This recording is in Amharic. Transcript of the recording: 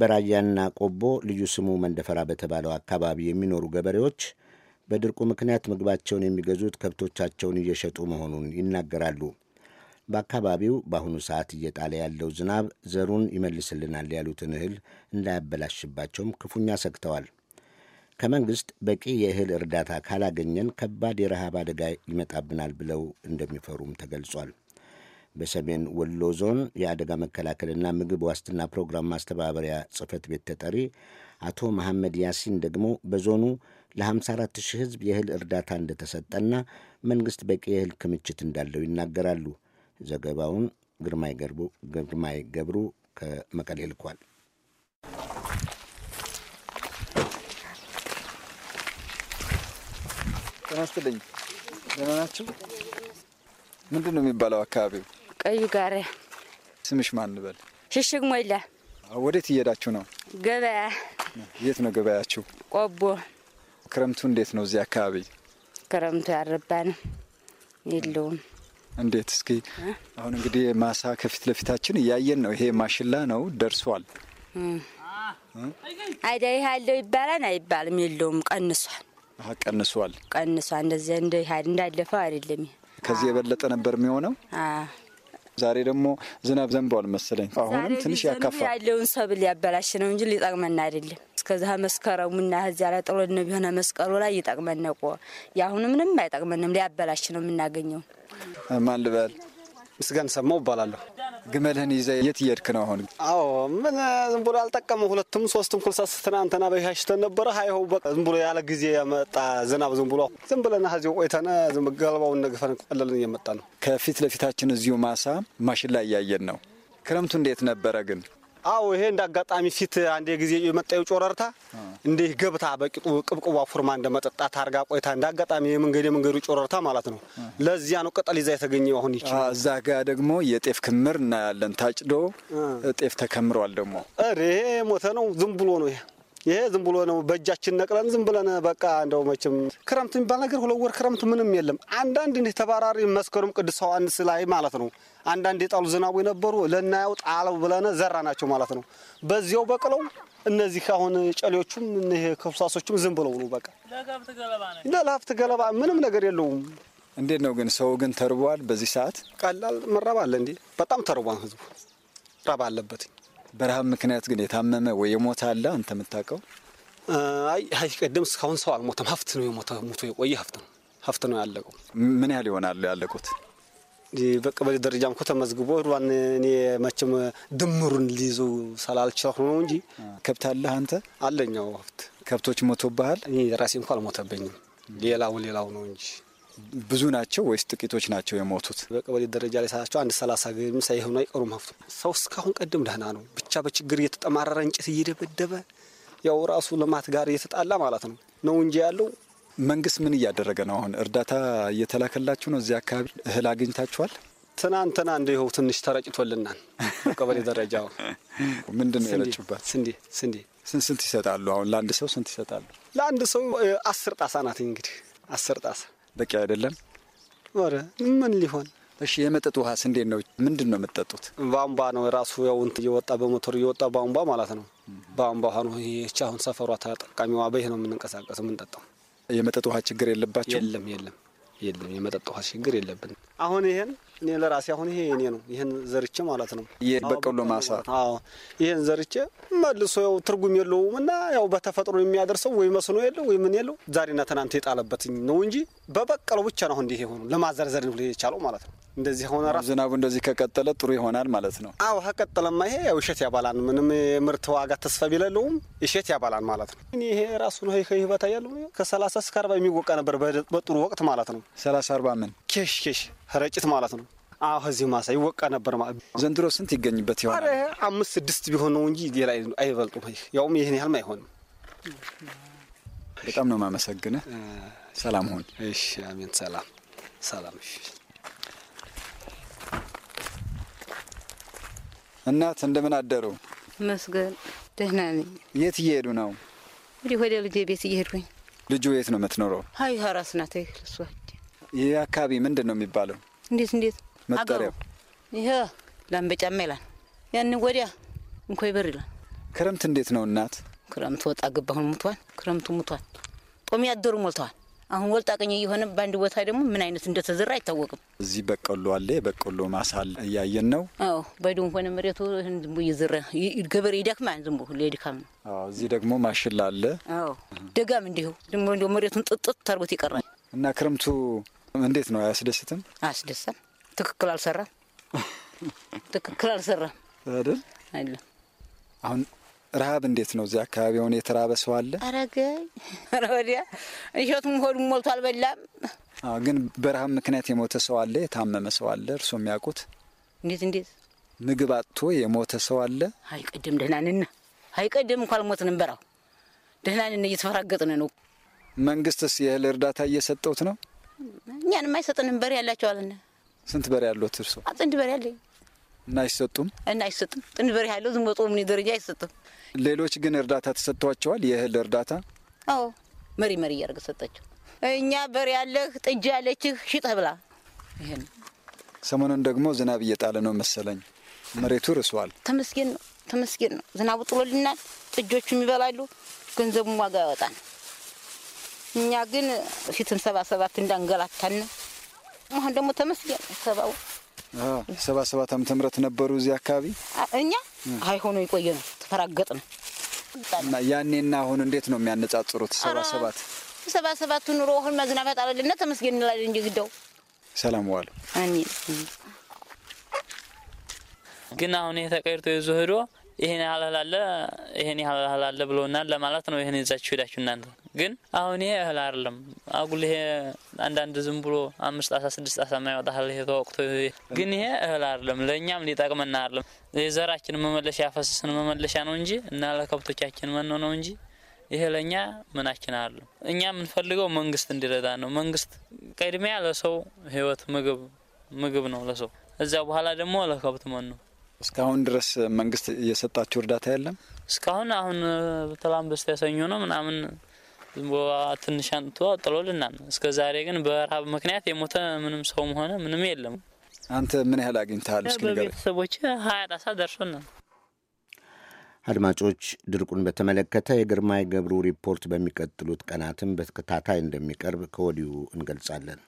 በራያና ቆቦ ልዩ ስሙ መንደፈራ በተባለው አካባቢ የሚኖሩ ገበሬዎች በድርቁ ምክንያት ምግባቸውን የሚገዙት ከብቶቻቸውን እየሸጡ መሆኑን ይናገራሉ። በአካባቢው በአሁኑ ሰዓት እየጣለ ያለው ዝናብ ዘሩን ይመልስልናል ያሉትን እህል እንዳያበላሽባቸውም ክፉኛ ሰግተዋል። ከመንግሥት በቂ የእህል እርዳታ ካላገኘን ከባድ የረሃብ አደጋ ይመጣብናል ብለው እንደሚፈሩም ተገልጿል። በሰሜን ወሎ ዞን የአደጋ መከላከልና ምግብ ዋስትና ፕሮግራም ማስተባበሪያ ጽህፈት ቤት ተጠሪ አቶ መሐመድ ያሲን ደግሞ በዞኑ ለ54 ሺህ የእህል እርዳታ እንደተሰጠና መንግሥት በቂ የእህል ክምችት እንዳለው ይናገራሉ። ዘገባውን ግርማይ ገብሩ ከመቀሌ ልኳል። ጤና ይስጥልኝ። ደህና ናችሁ? ምንድን ነው የሚባለው አካባቢው? ቀዩ ጋር ስምሽ ማን ንበል? ሽሽግ ሞላ። ወዴት እየሄዳችሁ ነው? ገበያ። የት ነው ገበያችሁ? ቆቦ። ክረምቱ እንዴት ነው እዚህ አካባቢ? ክረምቱ ያረባንም የለውም። እንዴት እስኪ አሁን እንግዲህ ማሳ ከፊት ለፊታችን እያየን ነው። ይሄ ማሽላ ነው ደርሷል። አይዳ ይህ አለው ይባላል አይባልም? የለውም። ቀንሷል። ቀንሷል። ቀንሷል። እንደዚህ እንደ እንዳለፈው አይደለም። ከዚህ የበለጠ ነበር የሚሆነው። ዛሬ ደግሞ ዝናብ ዘንቧል መሰለኝ። አሁንም ትንሽ ያካፋ ያለውን ሰብል ሊያበላሽ ነው እንጂ ሊጠቅመን አይደለም። እስከዛ መስከረሙና እዚያ ላይ ጥሎን ቢሆነ መስቀሉ ላይ ይጠቅመን እኮ የአሁኑ ምንም አይጠቅመንም፣ ሊያበላሽ ነው የምናገኘው። ማን ልበል? ምስጋን ሰማው እባላለሁ። ግመልህን ይዘ የት እየድክ ነው አሁን? አዎ ምን ዝም ብሎ አልጠቀምም። ሁለቱም ሶስትም ስትና ትናንትና በሻሽተን ነበረ። ሀይሆ በቃ ዝም ብሎ ያለ ጊዜ የመጣ ዝናብ ዝም ብሎ ዝም ብለና ህዚ ቆይተነ ዝም ገለባውን ነግፈን ቀለልን እየመጣ ነው። ከፊት ለፊታችን እዚሁ ማሳ ማሽላ እያየን ነው። ክረምቱ እንዴት ነበረ ግን? አዎ ይሄ እንደ አጋጣሚ ፊት አንድ ጊዜ የመጣው ጮረርታ እንዲህ ገብታ በቂጡ ቅብቅቧ ፉርማ እንደ መጠጣት አርጋ ቆይታ እንደ አጋጣሚ የመንገድ የመንገዱ ጮረርታ ማለት ነው። ለዚያ ነው ቅጠል ይዛ የተገኘው። አሁን ይቺ እዛ ጋ ደግሞ የጤፍ ክምር እናያለን። ታጭዶ ጤፍ ተከምሯል። ደግሞ ይሄ ሞተ ነው። ዝም ብሎ ነው ይሄ ይሄ ዝም ብሎ ነው በእጃችን ነቅለን ዝም ብለን በቃ እንደው መቼም ክረምት የሚባል ነገር ሁለት ወር ክረምት ምንም የለም። አንዳንድ እንዲህ ተባራሪ መስከረም ቅዱስ ዮሐንስ ላይ ማለት ነው አንዳንድ የጣሉ ዝናቡ የነበሩ ለናየው ጣለው ብለን ዘራ ናቸው ማለት ነው። በዚያው በቅለው እነዚህ አሁን ጨሌዎቹም እነዚህ ከፍሳሶቹም ዝም ብለው ነው በቃ ለሀብት ገለባ ምንም ነገር የለውም። እንዴት ነው ግን ሰው ግን ተርቧል። በዚህ ሰዓት ቀላል መራብ አለ እንዴ? በጣም ተርቧል ህዝቡ፣ ራብ አለበት። በረሃብ ምክንያት ግን የታመመ ወይ የሞተ አለ አንተ የምታውቀው? አይ ሀይ ቀደም እስካሁን ሰው አልሞተም። ሀፍት ነው የሞተ ሞቶ የቆየ ሀፍት ነው ሀፍት ነው ያለቀው። ምን ያህል ይሆናሉ ያለቁት? በቀበሌ ደረጃም እኮ ተመዝግቦ ሯን እኔ መቼም ድምሩን ሊይዙ ስላልችል ነው እንጂ ከብት አለህ አንተ? አለኛው ሀብት ከብቶች ሞቶብሃል? እኔ ራሴ እንኳ አልሞተብኝም። ሌላው ሌላው ነው እንጂ ብዙ ናቸው ወይስ ጥቂቶች ናቸው የሞቱት? በቀበሌ ደረጃ ላይ ሳያቸው አንድ ሰላሳ ገሚ ሳይሆኑ አይቀሩም። ሀብቱ ሰው እስካሁን ቀደም ደህና ነው። በችግር እየተጠማረረ እንጨት እየደበደበ ያው ራሱ ልማት ጋር እየተጣላ ማለት ነው ነው እንጂ ያለው መንግስት ምን እያደረገ ነው? አሁን እርዳታ እየተላከላችሁ ነው? እዚህ አካባቢ እህል አግኝታችኋል? ትናንትና ይኸው ትንሽ ተረጭቶልናል ቀበሌ ደረጃ። ምንድን ነው የረጭባት? ስንዴ ስንዴ። ስንት ይሰጣሉ? አሁን ለአንድ ሰው ስንት ይሰጣሉ? ለአንድ ሰው አስር ጣሳ ናት እንግዲህ። አስር ጣሳ በቂ አይደለም። ኧረ ምን ሊሆን እሺ የመጠጥ ውሃስ እንዴት ነው? ምንድን ነው የምትጠጡት? ቧንቧ ነው ራሱ ያው እንትን እየወጣ በሞተር እየወጣ ቧንቧ ማለት ነው። ቧንቧ ውሃ ነው ይህች አሁን ሰፈሯ ተጠቃሚዋ በይህ ነው የምንንቀሳቀሰው የምንጠጣው። የመጠጥ ውሃ ችግር የለባቸው? የለም የለም የለም የመጠጥ ውሃ ችግር የለብን። አሁን ይሄን እኔ ለራሴ አሁን ይሄ እኔ ነው ይህን ዘርቼ ማለት ነው በቀሎ ማሳ። ይህን ዘርቼ መልሶ ያው ትርጉም የለውም እና ያው በተፈጥሮ የሚያደርሰው ወይ መስኖ የለው ወይ ምን የለው ዛሬና ትናንት የጣለበት ነው እንጂ በበቀለው ብቻ ነው እንዲህ የሆኑ ለማዘርዘር የቻለው ማለት ነው። እንደዚህ ሆነ ራሱ ዝናቡ እንደዚህ ከቀጠለ ጥሩ ይሆናል ማለት ነው። አዎ ከቀጠለማ ይሄ ያው እሸት ያባላል። ምንም የምርት ዋጋ ተስፋ ቢለለውም እሸት ያባላል ማለት ነው። ይሄ ራሱ ነው ይህ በታ ያለው ከሰላሳ እስከ አርባ የሚወቃ ነበር በጥሩ ወቅት ማለት ነው። ሰላሳ አርባ ምን ኬሽ ኬሽ ረጭት ማለት ነው። አሁ እዚህ ማሳ ይወቃ ነበር ማለት ነው። ዘንድሮ ስንት ይገኝበት ይሆናል? አምስት ስድስት ቢሆን ነው እንጂ ሌላ አይበልጡም። ያውም ይህን ያህልም አይሆንም። በጣም ነው የማመሰግንህ። ሰላም ሁን። እሺ፣ አሜን። ሰላም ሰላም። እሺ እናት እንደምን አደሩ? መስገን ደህና ነኝ። የት እየሄዱ ነው? እንዲህ ወደ ልጄ ቤት እየሄድኩኝ። ልጁ የት ነው የምትኖረው? ሀይ ሀራስ ናት። ይህ አካባቢ ምንድን ነው የሚባለው? እንዴት እንዴት መጠሪያው? ይሄ ላምበጫማ ይላል፣ ያን ወዲያ እንኮይ በር ይላል። ክረምት እንዴት ነው እናት? ክረምት ወጣ ገባሁን ሙቷል። ክረምቱ ሙቷል። ጦሚ ያደሩ ሞልተዋል። አሁን ወልጣ ቀኝ እየሆነ በአንድ ቦታ ደግሞ ምን አይነት እንደተዘራ አይታወቅም። እዚህ በቆሎ አለ፣ የበቆሎ ማሳል እያየን ነው። አዎ ባይዶም ሆነ መሬቱ ዝንቦ እየዘረ ገበሬ ይደክማል፣ ዝንቦ ለድካም ነው። እዚህ ደግሞ ማሽላ አለ። አዎ ደጋም እንዲሁ ደግሞ መሬቱን ጥጥት ታርጎት ይቀራል። እና ክረምቱ እንዴት ነው? አያስደስትም? አያስደሳም። ትክክል አልሰራም፣ ትክክል አልሰራም አይደል? አሁን ረሀብ እንዴት ነው? እዚያ አካባቢ አሁን የተራበ ሰው አለ? አረገኝ ወዲያ እሸቱም ሆዱም ሞልቶ አልበላም። ግን በረሀብ ምክንያት የሞተ ሰው አለ? የታመመ ሰው አለ? እርሶ የሚያውቁት እንዴት እንዴት ምግብ አጥቶ የሞተ ሰው አለ? አይቀድም ደህናንና አይቀድም እንኳ አልሞትንም። በራው ደህናንና እየተፈራገጥን ነው። መንግስትስ የእህል እርዳታ እየሰጠውት ነው? እኛን አይሰጥንም። በሬ ያላቸው ስንት በሬ ያለት እርሶ? ጥንድ በሬ አለኝ እና አይሰጡም እና አይሰጡም። ጥንድ በሬ ያለው ዝም በጦ ምን ደረጃ አይሰጡም። ሌሎች ግን እርዳታ ተሰጥቷቸዋል። የእህል እርዳታ አዎ፣ መሪ መሪ እያደረገ ሰጠችው። እኛ በር ያለህ ጥጃ ያለችህ ሽጠህ ብላ። ይሄን ሰሞኑን ደግሞ ዝናብ እየጣለ ነው መሰለኝ፣ መሬቱ ርሷል። ተመስገን ነው ተመስገን ነው። ዝናቡ ጥሎልናል፣ ጥጆቹም ይበላሉ፣ ገንዘቡም ዋጋ ያወጣል። እኛ ግን ፊትን ሰባ ሰባት እንዳንገላታን አሁን ደግሞ ተመስገን ሰባው ሰባ ሰባት ዓመተ ምህረት ነበሩ እዚህ አካባቢ እኛ አይሆኑ ይቆየ ነው ተራገጥ ነው እና ያኔና አሁን እንዴት ነው የሚያነጻጽሩት? ሰባ ሰባት ሰባ ሰባቱ ኑሮ አሁን መዝናፈት አለልና ተመስገን እንላለን እንጂ ግደው ሰላም ዋሉ ግን አሁን የተቀይርቶ ይዞ ሄዶ ይሄን ያህል እህል አለ ይሄን ያህል እህል አለ ለማለት ነው። ይሄን ይዛችሁ ሄዳችሁ እናንተ ግን አሁን ይሄ እህል አይደለም አጉል ይሄ አንዳንድ ዝም ብሎ አምስት አሳ ስድስት አሳ የማይወጣ ይሄ ተወቅቶ ግን ይሄ እህል አይደለም ለእኛም ሊጠቅመና አይደለም የዘራችን መመለሻ ያፈሰስን መመለሻ ነው እንጂ እና ለከብቶቻችን መኖ ነው እንጂ ይሄ ለእኛ ምናችን አይደለም። እኛ የምንፈልገው መንግስት እንዲረዳ ነው። መንግስት ቀድሚያ ለሰው ህይወት ምግብ ምግብ ነው ለሰው እዚያ በኋላ ደግሞ ለከብት መኖ እስካሁን ድረስ መንግስት እየሰጣችሁ እርዳታ የለም? እስካሁን አሁን በተላም በስቲያ ያሰኙ ነው ምናምን ትንሽ አንጥቶ ጥሎልናል። እስከ ዛሬ ግን በረሃብ ምክንያት የሞተ ምንም ሰውም ሆነ ምንም የለም። አንተ ምን ያህል አግኝተሃል? እስኪ በቤተሰቦች ሀያ ጣሳ ደርሶናል። አድማጮች፣ ድርቁን በተመለከተ የግርማይ ገብሩ ሪፖርት በሚቀጥሉት ቀናትም በተከታታይ እንደሚቀርብ ከወዲሁ እንገልጻለን።